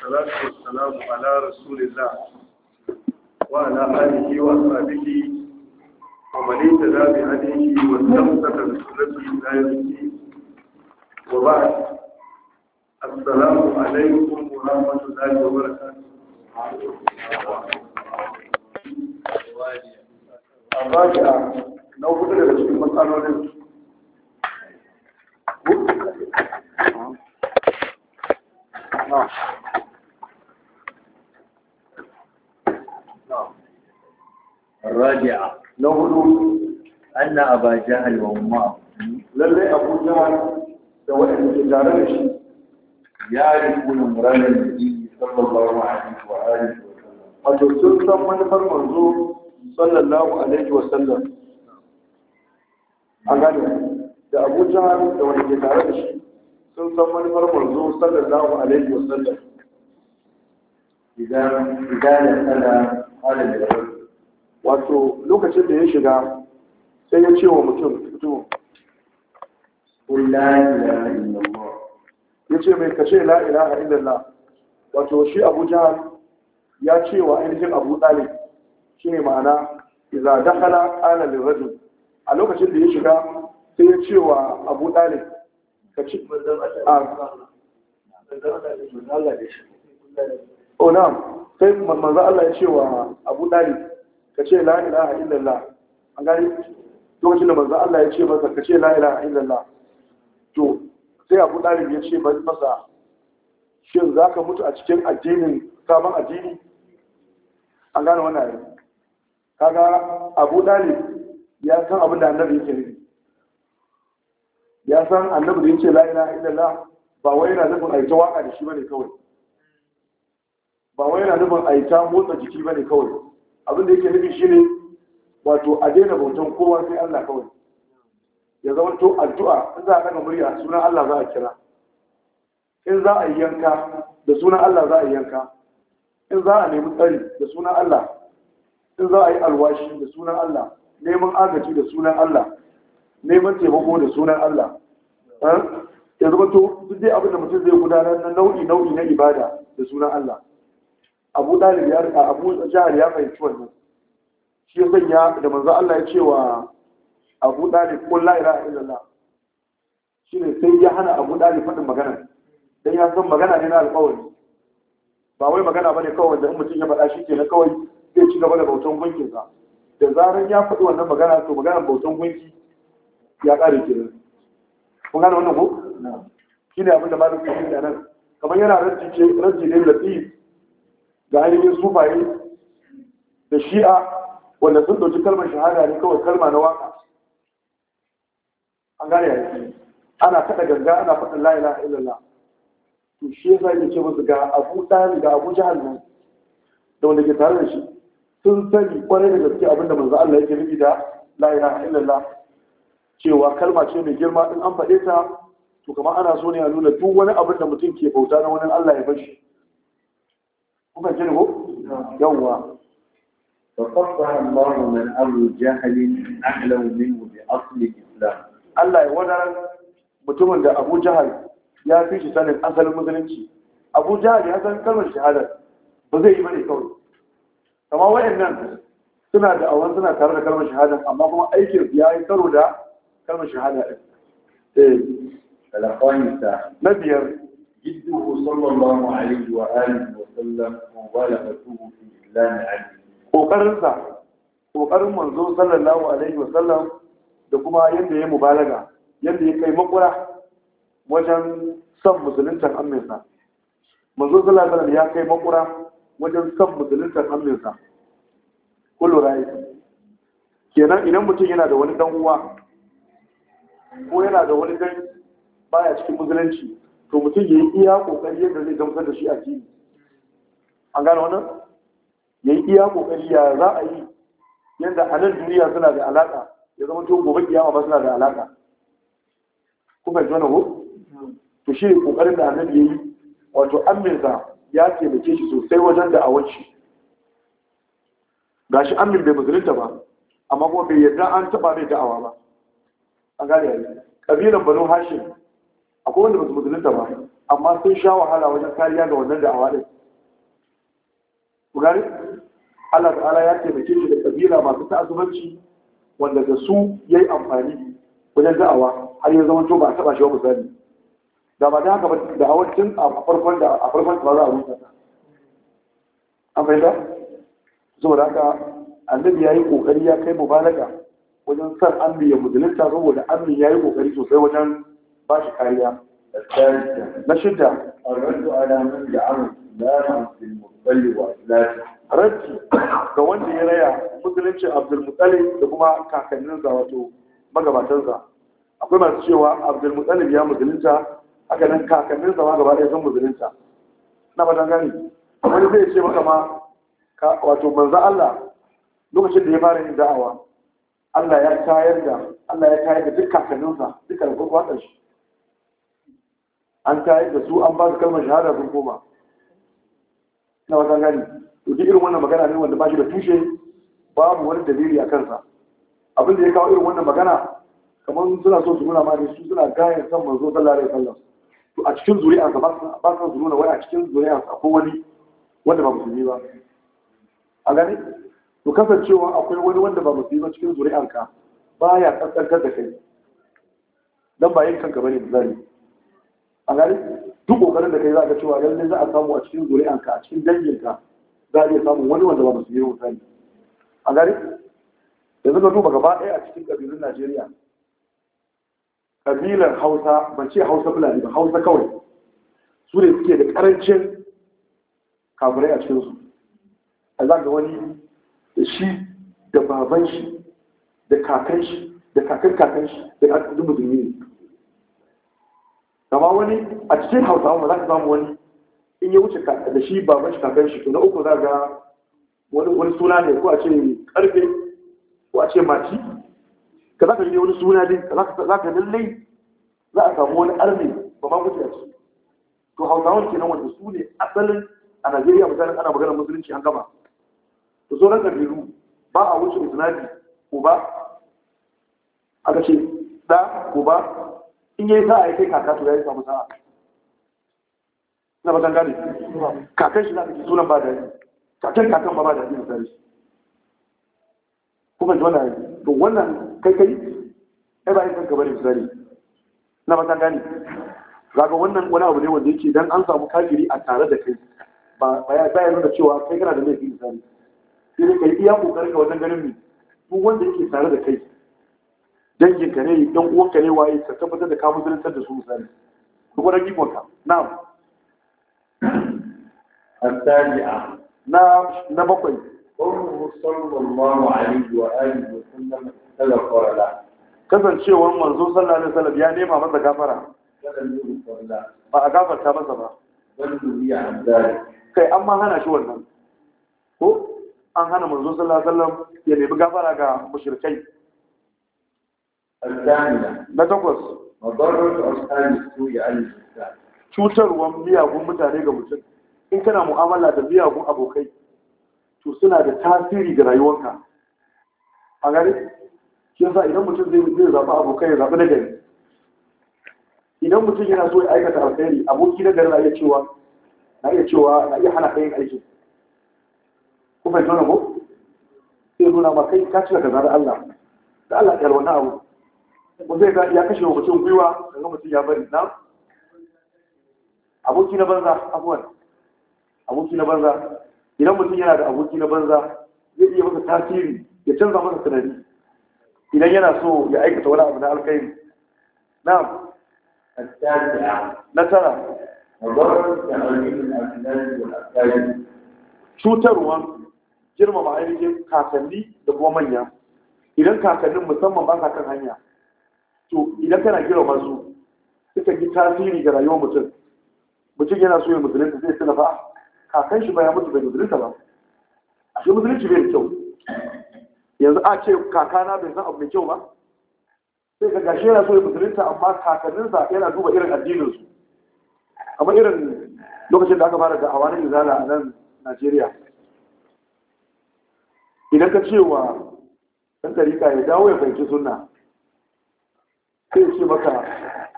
salatu wassalamu ala rasulillah wa ala alihi wa sahbihi wa man ittaba bi hadihi wa tamassaka bi sunnati la yusi wa ba'd assalamu alaykum wa rahmatullahi wa barakatuh wa alaykum assalam Ah. الراجعة لو نقول أن أبا جهل وما لما أبو جهل سواء تجارش يعرف من مرانا النبي صلى الله عليه وآله وسلم قد سلطة من منظور صلى الله عليه وسلم أقول أبو جهل سواء تجارش سلطة من منظور صلى الله عليه وسلم إذا إذا أنا قال الرجل wato lokacin da ya shiga sai ya ce wa mutum fito ya ce mai kashe la ilaha illallah wato shi Abuja ya ce wa ainihin abu ɗalib shi ne ma'ana iza dakhala ala lirrajul a lokacin da ya shiga sai ya ce wa abu ɗalib ka ci a o na sai manzan Allah ya ce wa abu ɗalib ka ce la ilaha illallah an gani lokacin da manzo Allah ya ce masa ka ce la ilaha illallah to sai Abu Talib ya ce masa shin za ka mutu a cikin addinin sabon addini an gane wannan ayi kaga Abu Talib ya san abin da annabi yake nufi ya san annabi da yake la ilaha illallah ba wai yana nufin aita waka da shi bane kawai ba wai yana nufin aita motsa jiki bane kawai abin da yake nufi ne, wato a daina bautan kowa sai Allah kawai ya zama to addu'a in za a daga murya sunan Allah za a kira in za a yi yanka da sunan Allah za a yi yanka in za a nemi tsari da sunan Allah in za a yi alwashi da sunan Allah neman agaji da sunan Allah neman taimako da sunan Allah eh? ya zama to duk dai abin da mutum zai gudanar na nau'i nau'i na ibada da sunan Allah abu dalib ya rika abu jahar ya fahimci wannan shi ya sanya da manzo Allah ya ce wa abu dalib qul la ilaha illallah shi ne sai ya hana abu dalib faɗin magana dan ya san magana ne na alƙawari ba wai magana bane kawai wanda in mutum ya faɗa shi ke na kawai zai ci gaba da bautan gunkin sa da zaran ya faɗi wannan magana to maganar bautan gunki ya ƙare kenan kun gane wannan ko ne abin da malam ke yi nan kamar yana rajin ce rajin ne latif ga ainihin sufaye da shi'a wanda sun ɗauki kalmar shahada ne kawai kalma na waka an gane yanzu ana kaɗa ganga ana faɗin la'ila a illallah to shi ya sa ce musu ga abu ɗari ga abu jihar nan da wanda ke tare da shi sun sani kwarai da gaske abinda manzo Allah yake nufi da la'ila a illallah cewa kalma ce mai girma in an faɗe ta to kamar ana so ne a nuna duk wani abin da mutum ke bauta na wani Allah ya bar shi ومنزله جوا فقطع الله من أمر جهل أهلا منه بأصل الإسلام ألا يودر متمن أبو جهل يا فيش سنة أصل المزلنشي أبو جهل هذا كلمة الشهاده بزي ما يكون كما وين إن نعم سنة أولا سنة ترى كلمة شهادة أما هو أي شيء يا يكون ده كلمة شهادة إيه. فلا خوانيسا مبير جده صلى الله عليه وآله ƙoƙarin manzo sallallahu alaihi wasallam da kuma yadda ya mubalaga yadda ya kai makura wajen son musuluntan amminsa manzo sallallahu alaihi ya kai makura wajen son musuluntan amminsa kullu rai kenan idan mutum yana da wani dan uwa ko yana da wani dan baya cikin musulunci to mutum ya yi iya kokari yadda zai gamsar da shi a jini an gano wannan ya yi iya kokari ya za a yi yadda a nan duniya suna da alaka ya zama to gobe kiyama ba suna da alaka ku fahimci wannan ko to shi kokarin da annabi ya yi wato amminsa ya taimake shi sosai wajen da awanci shi amin bai musulunta ba amma kuma bai yarda an taba mai da'awa ba an gane yayi ƙabilan banu hashim akwai wanda ba su musulunta ba amma sun sha wahala wajen kariya ga wannan da'awa din ku gane Allah ta'ala ya taimake shi da kabila masu ta'azubanci wanda da su yayi amfani wajen da'awa har ya zama to ba a taba shi ba misali da ba da haka ba da hawan tun a farkon da a farkon ba za a rusa ta an fahimta zuwa haka annabi yayi kokari ya kai mubalaga wajen san ammi ya musulunta saboda ya yayi kokari sosai wajen ba shi kariya na shidda a rantu alamun da amur Rabbi ga wanda ya raya musulunci Abdulmutsalib da kuma kakanninsa wato magabatansa. Akwai masu cewa Abdulmutsalib ya musulunta, haka nan kakanninsa ma gaba ɗaya sun musulunta. Na fatan gani, wani zai ce maka ma wato manzo Allah lokacin da ya fara yin da'awa, Allah ya tayar da Allah ya tayar da duk kakanninsa, duk alƙurƙwatar shi. An tayar da su an ba su kalmar shahada sun koma. na wajen gani to duk irin wannan magana ne wanda ba shi da tushe babu wani dalili a kansa abin da ya kawo irin wannan magana kamar suna so su nuna ma ne su suna gayar san manzo sallallahu alaihi wasallam to a cikin zuri'ansa ba su nuna wai a cikin zuri'ansa akwai wani wanda ba musulmi ba a gani to kasancewa akwai wani wanda ba musulmi ba cikin zuri'anka baya kaskantar da kai dan ba yin kanka bane misali a gani duk kokarin da kai za ka cewa lallai za a samu a cikin zuri'anka a cikin danginka za a iya samun wani wanda ba yi wuta ne. a gari yanzu ka duba gaba ɗaya a cikin ƙabilun najeriya ƙabilar hausa ban ce hausa fulani ba hausa kawai su ne suke da ƙarancin kafirai a cikinsu a za ga wani da shi da baban shi da kakan shi da kakan kakan shi da ƙarfin musulmi ne kama wani a cikin hausawa ba za ka samu wani in ya wuce da shi baban shi kakar shi to na uku za ga wani wani suna ne ko a ce karfe ko a ce mati ka za ka yi wani suna din ka za ka lallai za a samu wani arni ba ma kuce a ciki to ke kenan wanda su ne asalin a najeriya misalin ana maganar musulunci an gama to sauran kabilu ba a wuce isnadi ba aka ce da uba in yayi za a yi kai kaka to yayi samu sa'a na batan gane kakan shi za ka ji sunan ba da kakan kakan ba ba da da sare kuma ji wannan to wannan kai kai ai ba yin kanka bane misali na batan gane zaga wannan wani abu ne wanda yake dan an samu kafiri a tare da kai ba ya bayar nuna cewa kai kana da laifi misali sai dai kai iya kokarin ka wannan ganin ni duk wanda yake tare da kai dangin ka ne dan uwan ka ne waye ka tabbatar da ka musulunta da su misali ko gwada gibon ka na'am الثانية نعم na قوله صلى الله عليه وآله وسلم استغفر له كفن شيء وان kasancewar صلى الله عليه وسلم ya nema masa gafara ba a gafarta masa ba kai an ma hana shi wannan ko an hana manzo sallallahu alaihi wasallam ya nemi gafara ga mushrikai Na takwas cutarwar miyagun mutane ga mutum in kana mu'amala da miyagun abokai to suna da tasiri ga rayuwarka a gari shi yasa idan mutum zai zai zaɓi abokai ya zaɓi na gari idan mutum yana so ya aikata alkhairi aboki na gari na iya cewa na iya cewa na iya hana kayan aiki ku yi tona ko sai nuna ma kai ka cika ka da Allah da Allah ya wannan abu zai ga ya kashe mutum gwiwa daga mutum ya bari na aboki na banza abuwan aboki na banza idan mutum yana da aboki na banza zai iya masa tasiri ya canza masa tunani idan yana so ya aikata wani abu na alkhairi na na cutarwa girmama ainihin kakanni da kuma manya idan kakannin musamman ba kan hanya to idan kana kira masu suka ji tasiri ga rayuwar mutum mutum yana so ya musulunta zai tuna ba kakan shi ba ya mutu bai musulunta ba a shi musulunci bai da kyau yanzu a ce kakana bai san abu mai kyau ba sai ka gashi yana so ya musulunta amma kakanninsa yana duba irin addininsu amma irin lokacin da aka fara da awanin izala a nan najeriya idan ka ce wa ɗan tarika ya dawo ya fahimci sunna sai su maka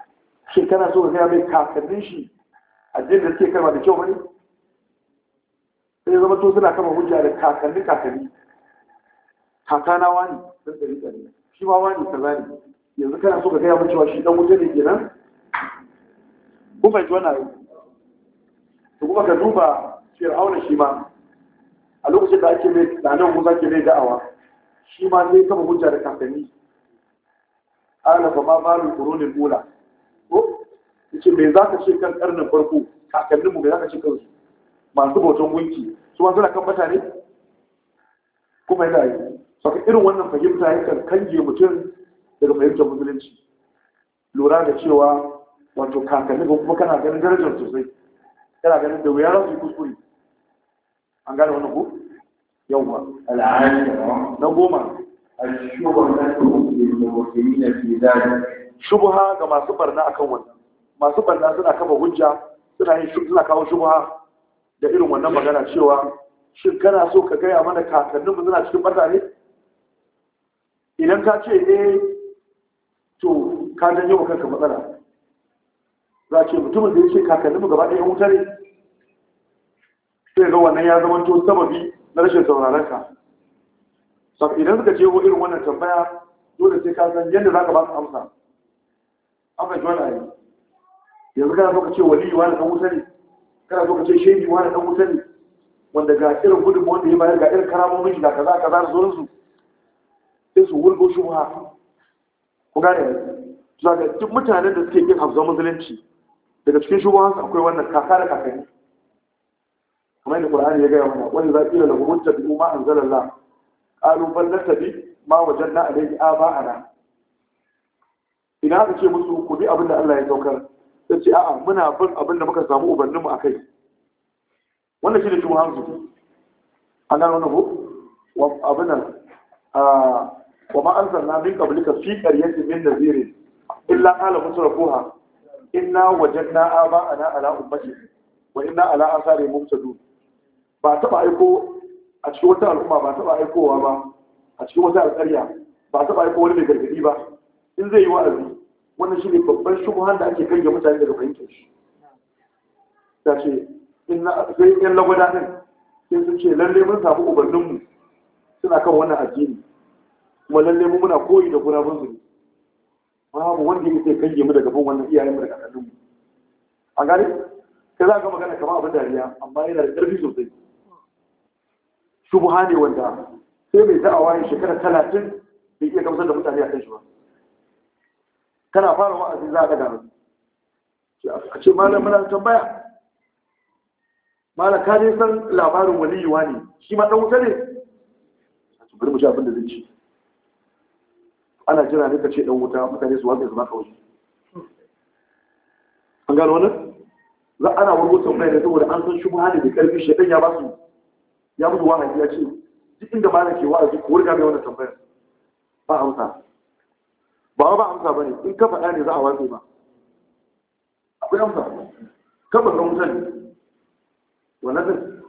shi kana so ka mai kakannin shi addinin da suke karba da kyau wani sai zama to suna kama hujja da kakanni kakanni kakana wani sun tsari tsari shi ma wani kaza ne yanzu kana so ka gaya mun cewa shi dan wuta ne kenan ko bai ji wannan to kuma ka duba fir'auna shi ma a lokacin da ake mai da nan musa ke mai da'awa shi ma sai kama hujja da kakanni qala fa ma balu qurunil ula ko yace me zaka ce kan karnin farko kakanninmu me zaka ce kan su? masu bautan gunki su ma suna kan mutane kuma yana yi saka irin wannan fahimta yakan kange mutum daga fahimtar musulunci lura da cewa wato kakanni ko kuma kana ganin darajar sosai kana ganin da wuya rasu kuskure an gane wannan ku yawwa na goma shubha ga masu barna akan wannan masu barna suna kafa hujja suna yin suna kawo shubha da irin wannan magana cewa shin kana so ka gaya mana kakannin mu suna cikin barna ne idan ka ce eh to ka janyo wa kanka matsala za ce mutumin da ya ce kakannin mu gaba ɗaya wuta ne sai ga wannan ya zama to sababi na rashin sauraron ka sabu idan suka je irin wannan tambaya dole sai ka san yadda za ka ba su amsa an fahimci wani ayi yanzu kana zaka ce waliyu wani dan wuta ne kana zaka ce shehi wani dan wuta ne wanda ga irin gudun wanda ya bayar ga irin karamomin shi ga kaza kaza da su, sai su wulgo wa ku gane za ga duk mutanen da suke yin hafzan musulunci daga cikin shugabansu akwai wannan kaka da kakanni kamar yadda ƙur'ani ya gaya mana wani zaƙi da gurunta bi ma anzalallah qalu bal natabi ma wajanna alayhi aba'ana ina aka ce musu ku bi abin da Allah ya saukar sai ce a'a muna bin abin da muka samu ubanninmu a kai wannan shi ne shi hamsu an gano na wa abin nan wa ma anzalna min qablika fi qaryatin min nadhirin illa qala mutrafuha inna wajadna aba'ana ala ummati wa inna ala asari muftadun ba taba aiko a cikin wata al'umma ba taɓa aikowa ba a cikin wata alƙarya ba taɓa aiko wani mai gargaɗi ba in zai yi wa'azi wannan shi ne babban shubuhan da ake kange mutane daga fahimtar shi ta ce sai yan lagwada ɗin sai sun ce lalle mun samu ubanninmu suna kan wannan addini kuma lalle mun muna koyi da mun su babu wanda ya sai kange mu daga bin wannan iyayen mu da a gane sai za ka magana kamar abin dariya amma yana da ƙarfi sosai shubuha ne wanda sai mai da'awa ya shekara talatin da iya gamsar da mutane a kan shi ba kana fara wa'azi za a ɗaga hannu a ce malam muna tambaya malam ka ne san labarin waliyuwa ne shi ma ɗan wuta ne a ce bari mu abin da zai ci ana jira ne ka ce ɗan wuta mutane su watsa su maka wasu an gano wani za ana warwata mai da saboda an san shubuha ne da karfi shaidan ya ba su ya mutu wahayi ya ce duk inda malam ke wa'azi ko riga mai wani tambayar ba amsa ba ba amsa ba ne in ka faɗa ne za a watsa ba akwai amsa ka ban ga mutane wannan din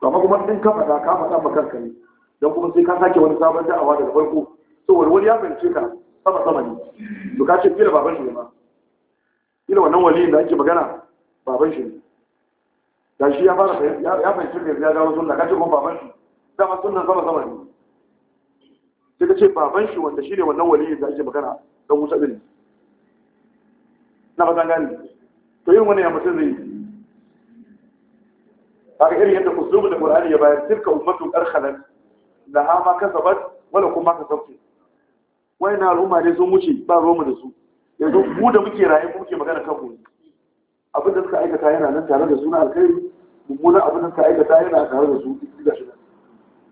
to amma kuma in ka faɗa ka faɗa ma kanka ne kuma sai ka sake wani sabon da'awa daga farko saboda wani ya fahimce ka sama sama ne to ka ce kila baban shi ne ma kila wannan wali da ake magana baban shi ne ga shi ya fara ya fahimci da ya dawo sunna kace ko baban shi dama sunan sama sama ne sai kace baban shi wanda shine wannan waliyi da ake magana dan wuta bin na bazan gani to yin wannan ya mutun zai kaga irin yadda kusubu da Qur'ani ya bayar tilka ummatun arkhalat ha ma kasabat wala kuma ka Wai na al'umma ne sun wuce ba Roma da su yanzu mu da muke raye muke magana kan gobe abin da suka aikata yana nan tare da suna alkhairi mummuna abin da ka aikata yana tare da su ga shi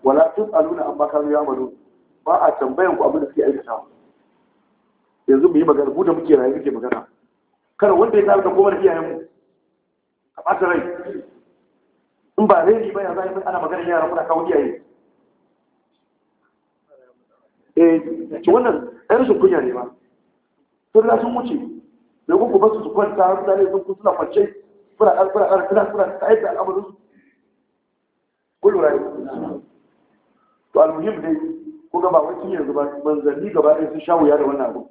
wala tun aluna amma kan ya malu ba a tambayan ku abin da suke aikata yanzu mu yi magana mu da muke rayu muke magana kada wanda ya tare da kowa da iyayen mu a ɓata rai in ba reni ba ya zai ana magana yara muna kawo iyaye eh wannan ɗan rashin kunya ne ba sun sun wuce da ku ba su kwanta har mutane sun kusa kwance kuna ɗan kuna ɗan kuna kuna ta aiki al'amarin su kun lura ne to almuhim dai ko ga ba wani yanzu ba manzanni gaba ɗaya sun sha wuya da wannan abu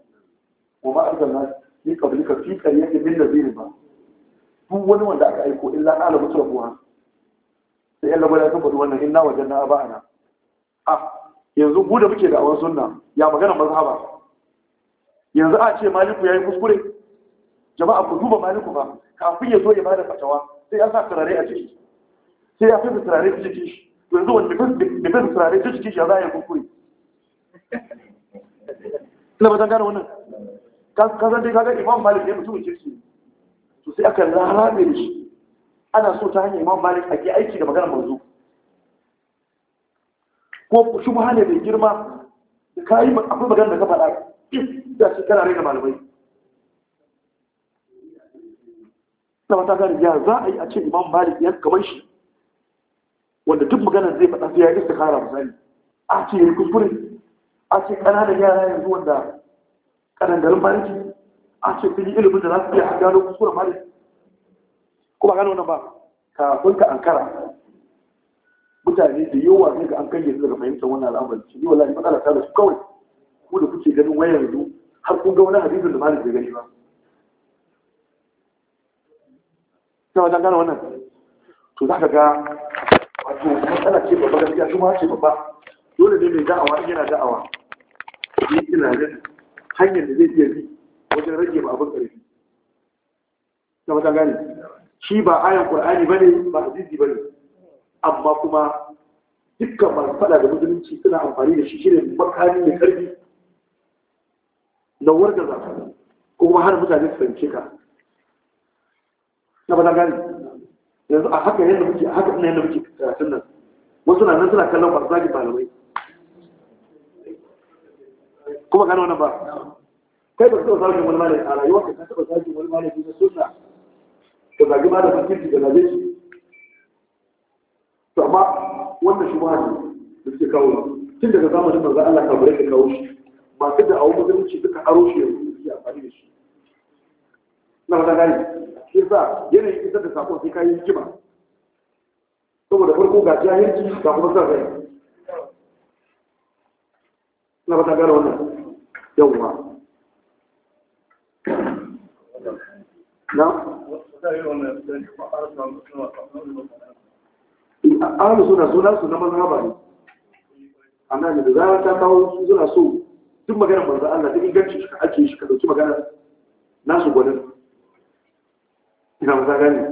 wa ma arsalna ni qablika fi qaryatin min zirin ba duk wani wanda aka aiko illa ala mutrafuha sai Allah gwada sun faɗi wannan wajen inna wajanna aba'ana A ah, yanzu ku da muke da awan sunna ya magana mazhaba yanzu a ce maliku ya yi kuskure jama'a ku duba maliku ba kafin ya zo ya bada fatawa sai ya sa turare a ciki sai ya fesa turare a ciki shi yanzu wani bifin fesa turare a ciki shi ya za a yi ina batan gane wannan kasan dai kaga imam malik ne mutumin kirki to sai aka rarrabe da shi ana so ta hanyar imam malik a ke aiki da maganar manzo ko shubha ne mai girma da kayi akwai maganar da ka faɗa da shi kana rai da malamai na wata gane ya za a yi a ce imam malik ya kamar shi wanda duk maganar zai faɗa su ya yi istikara misali a ce ya kuskure a ce ƙananan yara yanzu wanda ƙanangarin maliki a ce sun yi ilimin da za su iya gano kuskuren maliki kuma gano wannan ba Ka kafin ka ankara mutane da yawa ne ga an kange su daga fahimtar wannan al'amari shi wallahi matsala ta da su kawai ku da kuke ganin wayar yanzu har kun ga wani hadisin da malik bai gani ba ta wajen gane wannan to za ka ga wato matsala ce babba gaskiya kuma ce babba dole ne mai da'awa in yana da'awa yi da hanyar da zai iya bi wajen rage ma abin ƙarfi ta wajen gane shi ba ayan qur'ani bane ba hadisi bane amma kuma dukkan masu fada da musulunci suna amfani da shi shine makami mai ƙarfi na wargaza ko kuma hana mutane su fahimce ka na ba gani yanzu a haka yadda muke a haka yadda muke karatun nan wasu na nan suna kallon ba su zagi malamai kuma gano nan ba kai ba su taɓa zagin wani malami a rayuwa ka taɓa zagin wani malami na sunna ka zagi malamin kirki da zage shi to amma wannan shi ba ne da suke kawo tun daga zamanin manzo Allah ka bare ka kawo shi ba masu da awu musulunci duka aro shi yanzu suke amfani da shi na ba gani shi sa yanayin isar da sako sai kayan hikima saboda farko ga jahilci ga kuma sa zai na ba ta gara wannan yawwa na ahalu suna suna su na mazhaba ne nan da za ta kawo suna so duk maganar manzo Allah da inganci shi ka ake shi ka dauki maganar nasu gwanin ina musa gani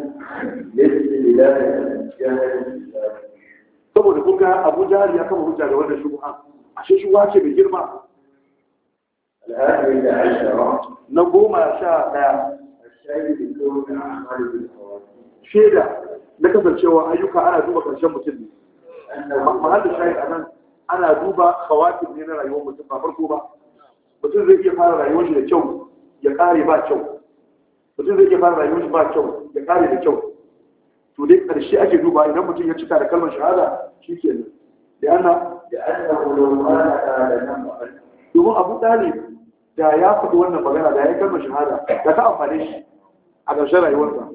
saboda kun ga abu ya kama hujja da wannan a ashe shubuha ce mai girma na goma sha daya shaida na kasancewa ayyuka ana duba ƙarshen mutum ne mahallin shahid a nan ana duba kawakin ne na rayuwar mutum ba farko ba mutum zai iya fara rayuwar shi da kyau ya kare ba kyau mutum zai iya fara rayuwar shi ba kyau ya kare da kyau to dai ƙarshe ake duba idan mutum ya cika da kalmar shahada shi ke nan da ana da ana kulomana da nan domin abu ɗalib da ya faɗi wannan magana da ya kalmar shahada da ta amfane shi a ƙarshen rayuwarsa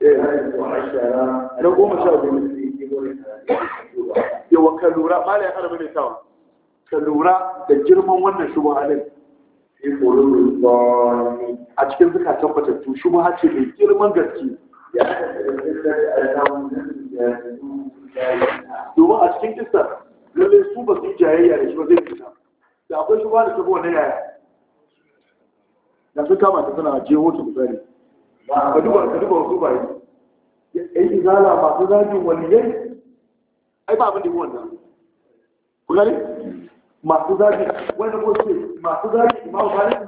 eh, na goma sha biyu yawa ka lura ba da ya ƙara mai tawa ka lura da girman wannan shugabanin a cikin zukatan batattu shi ma ce mai girman gaske domin a cikin kista lallai su ba su jayayya da shi ba zai fita da akwai shi ba da tafi wannan yaya da su kama ta suna je hoto misali ka duba ka duba wasu bayi yan izala masu wani waliyai ai ba abin da yi wannan ku gani masu zafi wanda ko ce masu zafi imamu malik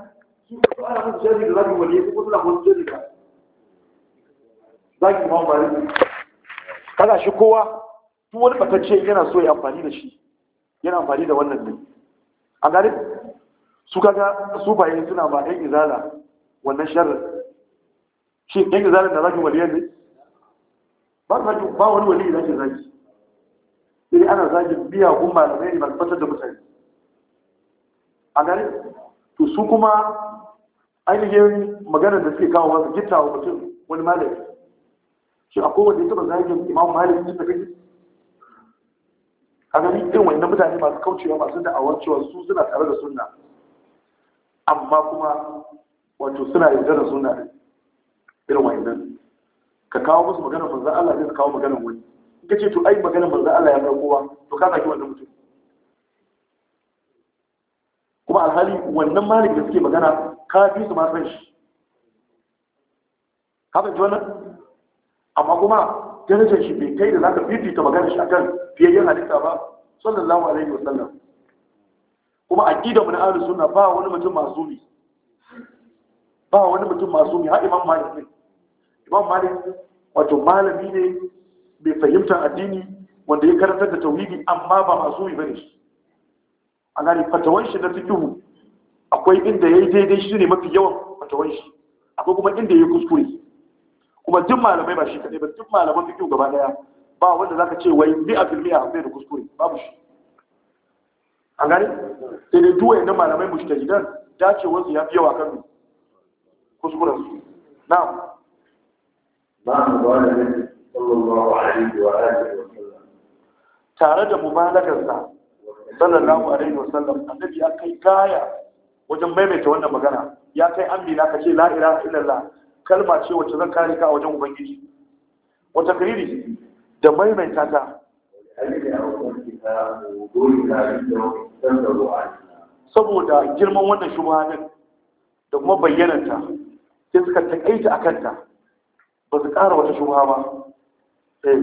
su su ana musu shari da zaɓi waliyi ko suna musu shari ka zafi imamu malik kaga shi kowa duk wani batacce yana so ya amfani da shi yana amfani da wannan ne a gari su kaga su baye suna ba ɗan izala wannan sharrin shi ɗan izalar da zafi waliyan ne ba wani waliyi zaki zaki sai ana zagin biya gumma da ne ba tabbatar da mutane a gani to su kuma ainihin magana da suke kawo wasu gita wa mutum wani malami shi a kowane ya taɓa zagin imamu malami da kake a gani irin wannan mutane masu kaucewa masu da'awar cewa su suna tare da sunna amma kuma wato suna yarda da sunna irin wannan ka kawo musu magana manzan Allah zai kawo maganar wani in ka ce to ai maganar manzan Allah ya bar kowa to ka zaki wannan mutum kuma alhali wannan malik da suke magana ka fi su masu shi ka ji wannan amma kuma darajar shi bai kai da za ka fifita magana shi akan fiyayyen halitta ba sallallahu alaihi wasallam kuma a da mun alu suna ba wani mutum ne ba wani mutum ne har man malik ne Iman malik wato malami ne mai fahimtar addini wanda ya karanta da tauhidi amma ba ba bane shi a gani fatawan shi na fikihu akwai inda ya yi daidai shi ne mafi yawan fatawan shi akwai kuma inda ya yi kuskure kuma duk malamai ba shi kaɗai ba duk malaman fikihu gaba ɗaya ba wanda za ka ce wai bi a filmiya bai da kuskure babu shi a gani sai dai duwaye na malamai dacewar su ya fi yawa kan kuskurensu na'am tare da mubalagarsa sallallahu alaihi sallam annabi ya kai kaya wajen maimaita wannan magana ya kai amina ka ce la ilaha illallah kalma ce wacce zan kare ka a wajen ubangiji wata kariri da maimaita ta saboda girman wannan shubhanin da kuma bayyananta sai suka takaita akan ta ba su ƙara wata shubha ba eh.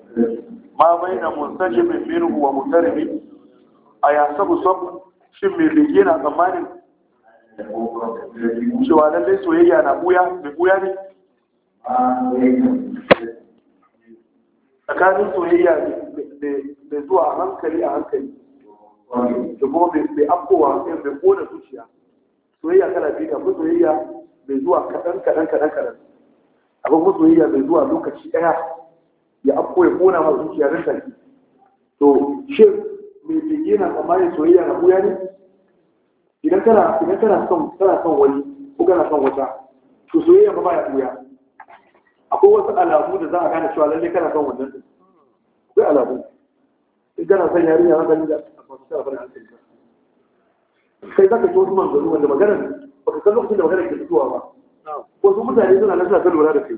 ma baina mustajibin minhu wa mutarimi a yasabu sab shin mai bege na tsammanin cewa lallai soyayya na buya mai buya ne tsakanin soyayya mai zuwa a hankali a hankali da kuma mai afkowa sai mai kona zuciya soyayya kana biyu akwai soyayya mai zuwa kaɗan kaɗan kaɗan kaɗan akwai soyayya mai zuwa lokaci ɗaya ya afko ya kona ma zuciya na sarki to shi mai bege na ya soyayya na buya ne idan kana idan kana son kana son wani ko kana son wata to soyayya ba ya buya akwai wasu alamu da za a gane cewa lalle kana son wannan din akwai alamu in kana son yarinya za ka yi da ba su tsara hankali kai za ka ci wasu manzanni wanda maganar ka san lokacin da maganar ke fitowa ba wasu mutane suna nan ta lura da kai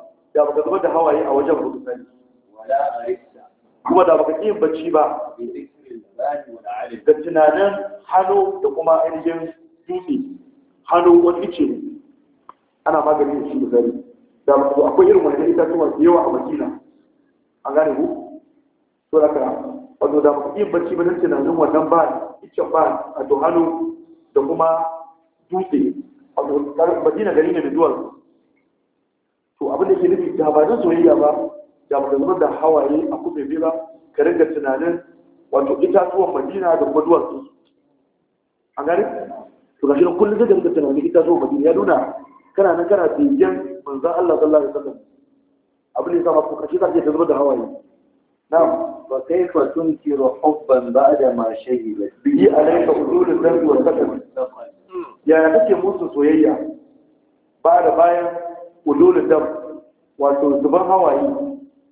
da baka zama da hawaye a wajen hudu sani kuma da baka ƙin bacci ba da tunanin hannu da kuma ainihin dutse hannu wani ce ana magani da shi da zari da baka zo akwai irin wani tuwa da yawa a makina A gane ku to da ka wato da baka yin bacci ba na tunanin wannan ba iccen ba a to hannu da kuma dutse wato madina gari ne da duwarsu to abin da ke nufi da ba don soyayya ba da ba zama da hawaye a kuɓe ba ka ringa tunanin wato itatuwan madina da kuma duwatsu a gari to ga shirin kullum zai ringa tunanin itatuwan madina ya nuna kana nan kana begen manzan allah sallallahu alaihi wasallam abin ya sama kuka shi ka ce ta zama da hawaye na'am fa kaifa tunkiru hubban ba'da ma shahidat bihi alayka ulul dhanbi wa sakam ya kake musu soyayya ba da bayan ululun dam wato zuban hawaye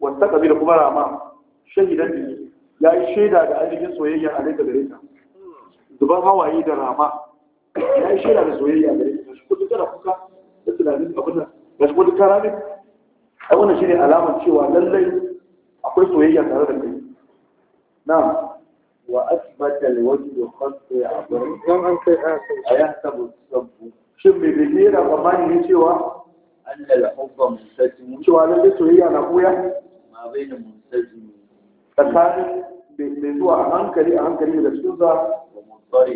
wasta kabila kuma rama shahidan biyu ya yi shaida da ainihin soyayya a daga gare ta zuban hawaye da rama ya yi shaida da soyayya a gare ta shi kudu kana kuka da tunanin abin nan ga shi kudu kara ne ai wannan shine alamar cewa lallai akwai soyayya tare da kai na wa asibata asbata alwajhu khasfi abdan an kai ayahsabu sabbu shin me bai gera tsammani ne cewa annal hubba muntasim soyayya na buya ma mai zuwa a hankali a hankali da sunza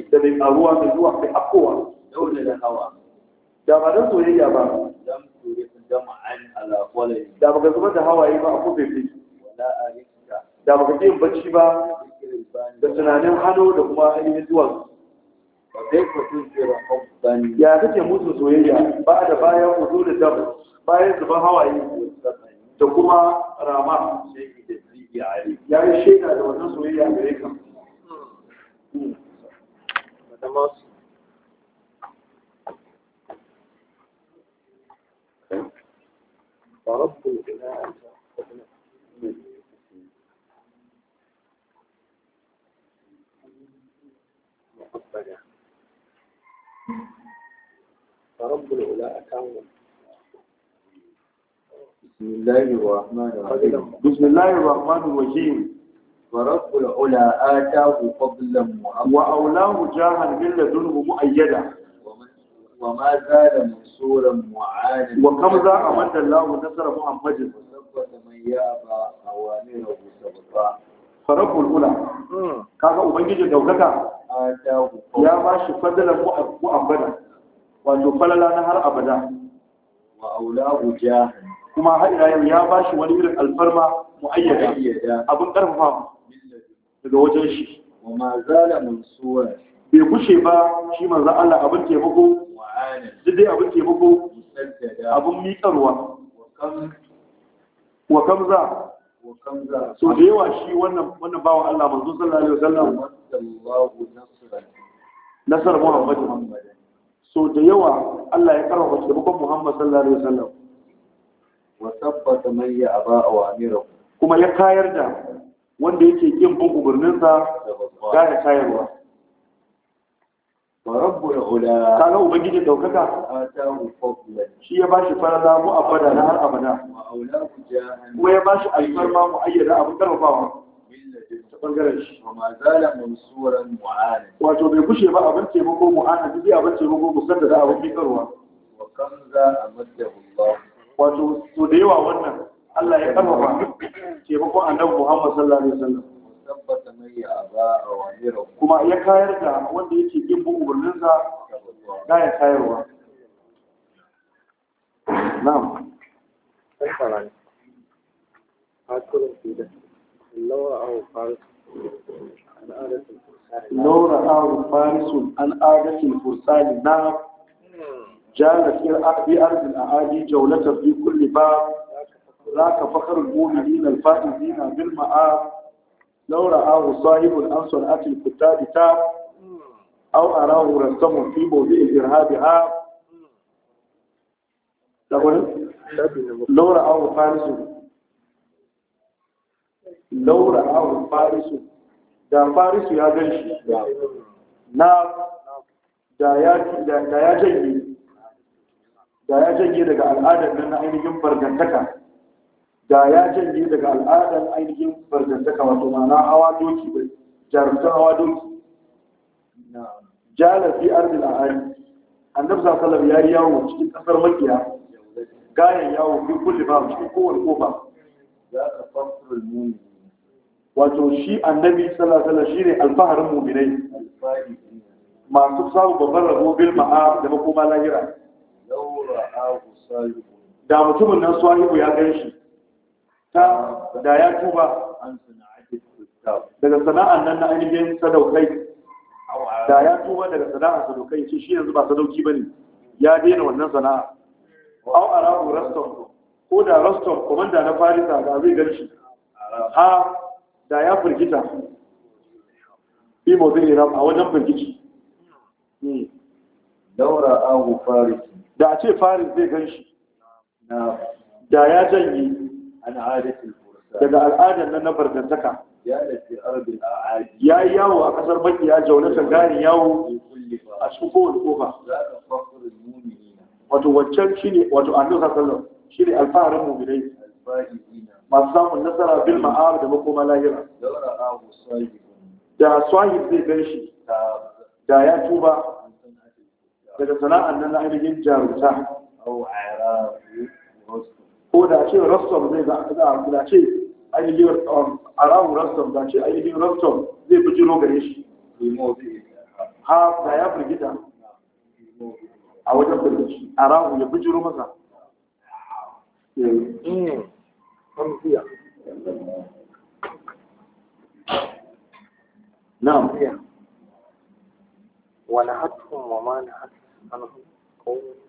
da mai zuwa da ba soyayya ba da zuba da hawaye ba a kofe fi yin bacci ba da tunanin hannu da kuma ainihin zuwa ya kake musu soyayya ba da bayan hudu da dam bayan zuban hawaye da kuma rama ya yi shaida da wannan soyayya gare ka ورب الإله محبنا فرب العلا أكامل بسم الله الرحمن الرحيم بسم الله الرحمن الرحيم ورب العلا آتاه فضلا وأولاه جاها من لدنه مؤيدا وما زال منصورا معانا وكم ذا أمد الله نصر محمد وثبت من يأبى أوامره سبطا farabul ula hmm. kaga ubangijin daukaka ya ba shi fadalan mu abada wato falala na har abada wa aulahu jahan kuma har ila ya ba shi wani irin alfarma muayyada abin karfafa daga wajen shi wa ma zala mansura bai kushe ba shi manzo Allah abin taimako duk dai abin taimako abin miƙarwa wa kamza so da yawa shi wannan wannan bawa Allah manzo sallallahu alaihi wasallam Allahu nasran nasar Muhammad so da yawa Allah ya karfafa taimakon Muhammad sallallahu alaihi wasallam wa tabbata man ya aba wa amirahu kuma ya kayar da wanda yake kin bin ubarninsa ga da kayarwa wa rabbul ula kaga ubangiji daukaka shi ya bashi farala mu abada na har abada kuma ya ba shi alfarma mu ayyana abin karfafawa ta bangaren shi wato bai kushe ba abin taimako mu'ana duk abin taimako musan da madda fitarwa wato to da yawa wannan Allah ya karfafa taimako annabi Muhammad sallallahu alaihi wasallam tabbata mai ya ba wa kuma ya kayar da wanda yake bin bin umarninsa ga ya kayarwa na'am sai farani hakurin fida lawar awu farisu Laura na jana fiye bi arzin a aji jaunatar bi kulli ba za ka fakar gobe din alfa'in dina bil ma'a Laura Aru sahibul ansar atil kutabi ta au a rahu rasamun fi bobe ibirhabi ha. Dagwani? laura فارس farisu laura awon farisu da farisu ya gan دا da ya janye daga al'adar nan na ainihin bargantaka da ya janye daga al'adar ainihin bargantaka wato mana hawa doki bai jarumta hawa doki jala fi ardil ahari annabi sallallahu alaihi wasallam yawo cikin kasar makiya gayan yawo fi kulli ba cikin kowane kofa ya ka fasirul wato shi annabi sallallahu alaihi shine alfaharin mu'minai masu sabu babbar rabo bil ma'a da makoma lahira da mutumin nan sahibu ya gan shi ta da ya tuba daga sana'an nan na ainihin sadaukai da ya tuba daga sana'a sadaukai shi yanzu ba sadauki bane ya daina wannan sana'a au arabu rastom ko da rastom komanda na farisa da zai garshi ha da ya firgita fi mawzin iram a wajen firgici hmm. daura ahu faris da a ce faris zai ganshi da ya janye daga al'adar nan na barkantaka ya yi yawo a kasar makiya jaunatan gani yawo a cikin kowace kofa wato waccan shi ne wato annabi sallallahu alaihi wasallam shine alfaharin mu'minai masu samun nasara bil ma'ar da makoma lahira da swahib zai gan shi da ya tuba daga sana'an nan na ainihin jarumta ko da ce rastom zai za a da ce ainihin um, arahu rastom da ce ainihin rastom zai bujiro gare shi ha da ya firgita a wajen a rahu ya bijiro masa eh, wani hatun wa ma na hatun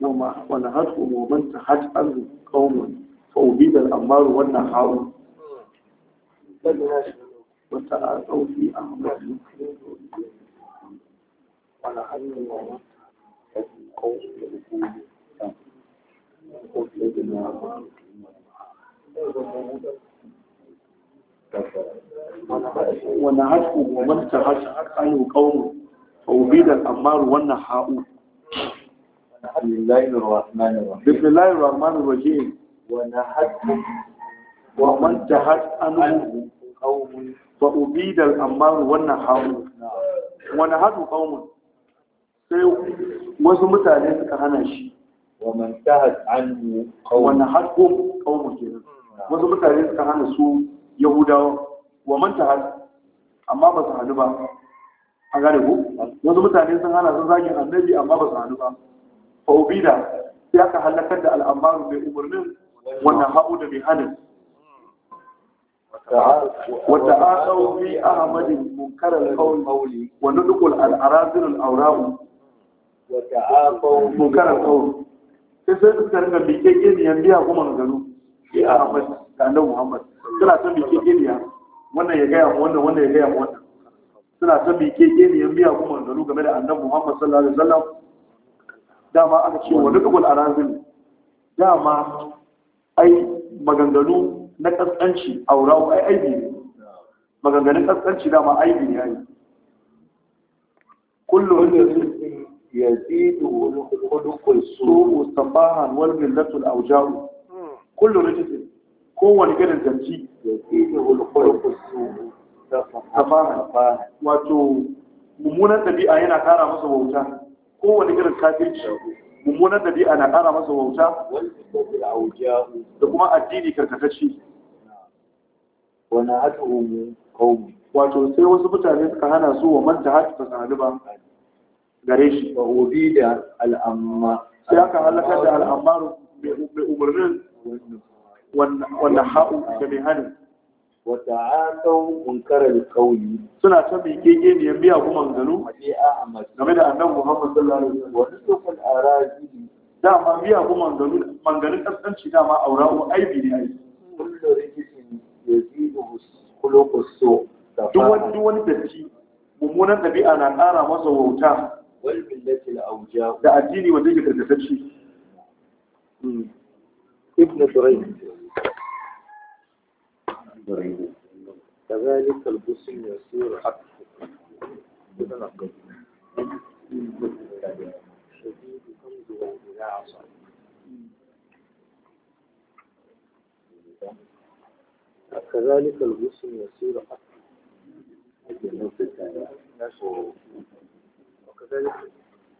نوما ونهتهم ومن تحت أنه قوم فأبيد الأمار والنحاو وتآتوا في أحمد ونهتهم ومن ko da ku kan ko ce da ba wannan hasku ko mata hasu kanu ha'u bismillahir rahmanir rahim bismillahir rahmanir rahim wannan hasku wa man tahassanu qaumun fa ubidal ammar wannan ha'u wannan hasku qaumun wasu mutane suka hana shi wa man tahat anhu qawmun hadhum qawmun kenan wasu mutane suka hana su yahudawa wa man tahat amma ba su hannu ba a gane ku wasu mutane sun hana sun zagin annabi amma ba su hannu ba fa ubida sai aka halakar da al'amarin mai umarnin wannan ha'u da mai hannun وتعالوا في أحمد منكر wani وننقل al'arazin الأوراق mu karanta sai sai suka rinka bike geniyan biya kuma gano shi a Ahmad da Annabi Muhammad suna ta bike geniya wannan ya gaya mu wannan wannan ya gaya mu wannan suna ta bike geniyan biya kuma na gano game da Annabi Muhammad sallallahu alaihi wasallam dama aka ce wa nukul arazil dama ai maganganu na kaskanci aurau ai aibi ne maganganun kaskanci dama aibi ne ai kullu wanda يزيد الخلق السوء صباحا والملة الأوجاع كل رجل كون غير زنجي يزيد الخلق السوء صباحا واتو mummunan ɗabi'a yana ƙara masa wauta kowane irin kafirci mummunan ɗabi'a na ƙara masa wauta da kuma addini karkatacce wani hatu umu wato sai wasu mutane suka hana su wa manta hatu gare shi wa hobi da al'amma sai aka halakar da al'ammaru mai umarnin wanda ha'u da mai hannun wata atau munkarar kauli suna ta mai keke ne biya kuma gano game da annan muhammad sallallahu alaihi wasallam wani tsofan arazi dama biya kuma gano manganin kaskanci dama aura ko aibi ne ai kullu rijisin yazidu khuluqus su duk wani datti mummunan ɗabi'a na ƙara masa wauta والملة الأوجاء ده أديني وديك كركسنشي ابن درين كذلك البصم يسير حتى يتنقل شديد همزه بلا عصا كذلك البصم يسير حتى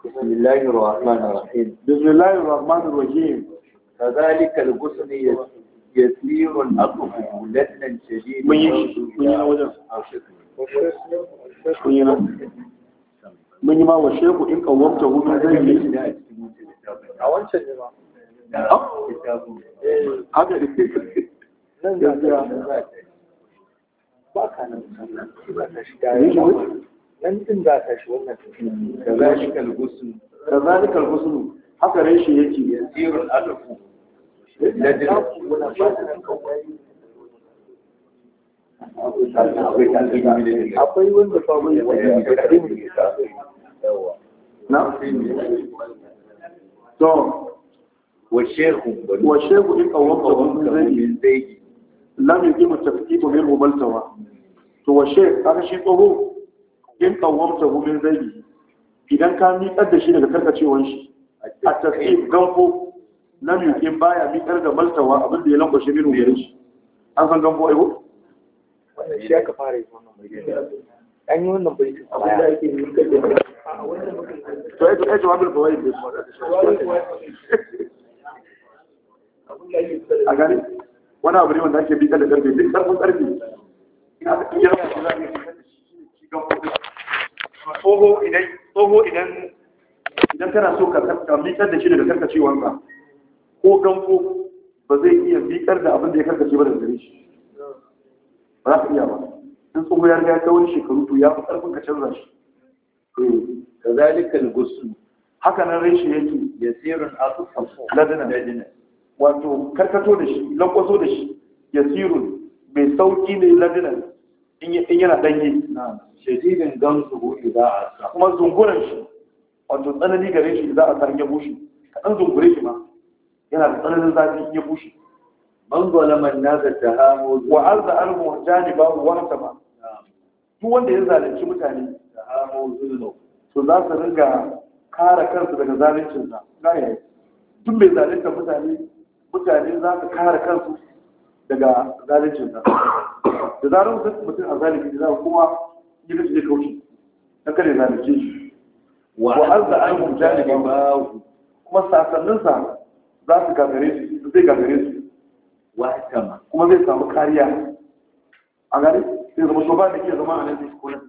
بسم الله الرحمن الرحيم بسم الله الرحمن الرحيم كذلك الغصن يسير الأطف لتنا شديد من ينا وجه من ينا من يما والشيخ إن قومته من ذلك a wancan ne ma haka da nan za ta ba ka nan ba ta shiga nan din za ta shi wannan da zalikal guslu da zalikal guslu haka reshe yake yasirul alafu ladin akwai wanda faru ya wani da kare mu na to والشيخ والشيخ إن أوقع من زيه لم يجب التفكيك منه بل سواء هو الشيخ هذا shi tsoho? in kawamta gumin zai idan ka miƙar da shi daga karkacewar shi a tasir gambo na in baya miƙar da maltawa abin da ya lankwashe minu shi an san gambo aiwo? wannan shi aka fara yi wannan bai yi a wanda ake da to ya tuwa jawabin kawai da ake da ƙarfe tsoho idan kana so ka miƙar da shi daga karkacewansa ko ganko ba zai iya miƙar da abin da ya karkace ba da gare shi ba za ka iya ba in tsoho ya riga kawai kawo shekaru to ya fi ƙarfin ka canza shi eh. ka zalika gusu haka nan rashi yake ya tsirin asusun ladina wato karkato da shi lankwaso da shi ya tsirin mai sauƙi ne ladina in yana ɗanye shadidin gamsuhu idza asra kuma zunguran shi wato tsanani gare shi idza asra ya bushe Kaɗan zungure shi ma yana da tsananin zafi ya bushe man na nasa tahamu wa azza alhu janiba wa sama duk wanda ya zalunci mutane tahamu zulmu to za su ringa kare kansu daga zaluncin sa gaya duk mai zalunta mutane mutane za su kare kansu daga zaluncin sa da zarar mutum a zalunci za kuma gidan zai kauce dan kada ya da shi wa azza anhum janibahu kuma sasanninsa za su gagare su zai gagare su wa kama kuma zai samu kariya a gare sai zama shugaba da ke zama a nan zai kula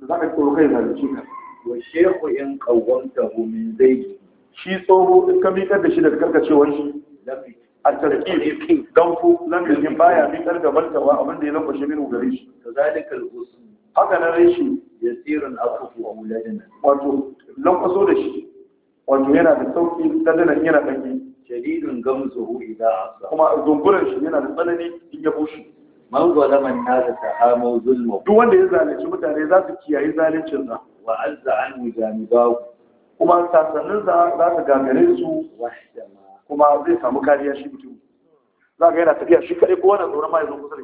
da zaka tsoro kai zalunce ka wa shehu in qawwamtahu min zaydi shi tsoro in ka mikar da shi daga karkacewar shi lafi ni shadidin gamsu idan asa kuma zungurin shi yana da tsanani in ya bushe man gwala man na da tahamu zulmu duk wanda ya zalunci mutane za su kiyaye zaluncin sa wa azza an mujamibahu kuma sasannin za su gagare su wahdama kuma zai samu kariya shi mutum za ga yana tafiya shi kaɗai ko wannan tsoron ma ya zo kusa da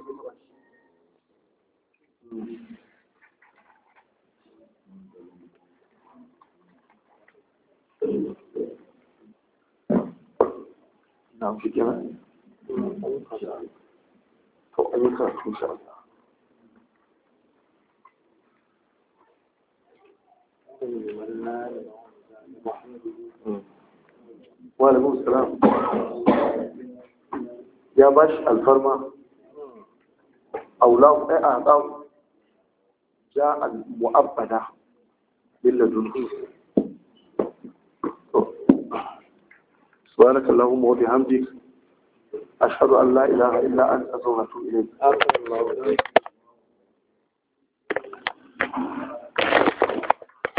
ke ba na to Mm-hmm. walibin islam ya ba shi alfarma aulahu eh, ɗaya a haɗau ja al-mu'abbada lilladun سبحانك اللهم وبحمدك أشهد أن لا إله إلا أنت أستغفرك وأتوب